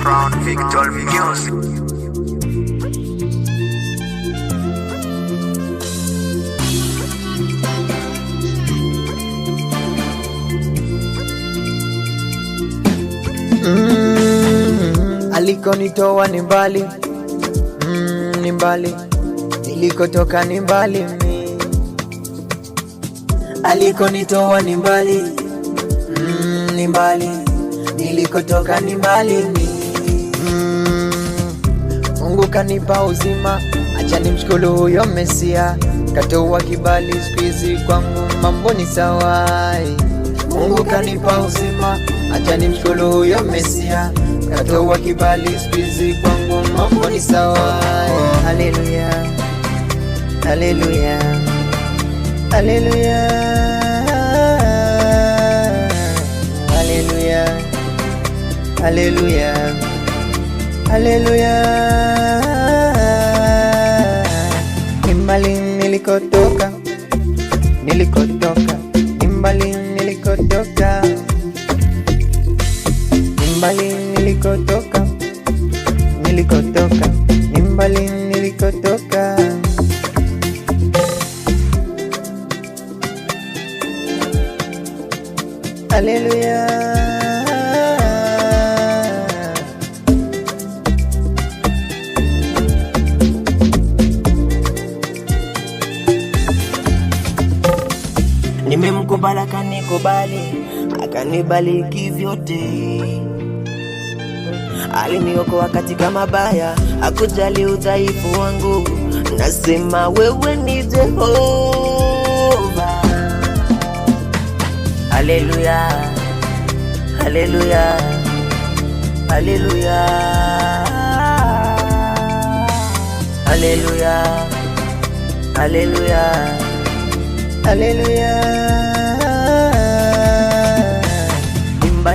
Crown Victor Aliko Alikonitoa ni mbali mm-hmm, ni mbali nilikotoka ni mbali mi. Alikonitoa ni mbali mm-hmm, ni mbali nilikotoka ni mbali mi. Mungu kanipa uzima, acha nimshukuru huyo Mesia. Katoa kibali siku hizi kwangu mambo ni sawa. Eh. Mungu kanipa uzima, acha nimshukuru huyo Mesia. Katoa kibali siku hizi kwangu mambo ni sawa. Eh. Haleluya, haleluya, haleluya, haleluya, haleluya, haleluya. nilikotoka, nilikotoka, nimbali nilikotoka, nimbali nilikotoka, nilikotoka, nimbali nilikotoka. Haleluya. Alikubali, akanikubali, akanibariki vyote, aliniokoa katika mabaya, akujali udhaifu wangu. Nasema wewe ni Jehova. Haleluya, haleluya, haleluya, haleluya, haleluya, haleluya.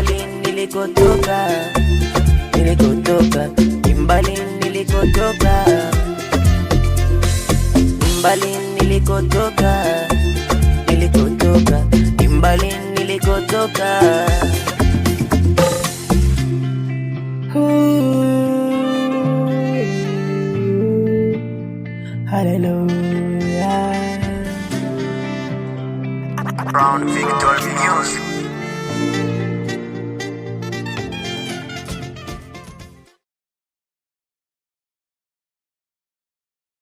mbali nilikotoka, nilikotoka, ni nilikotoka, ni nilikotoka, nilikotoka, ni nilikotoka. Hallelujah. Brown Victor Music.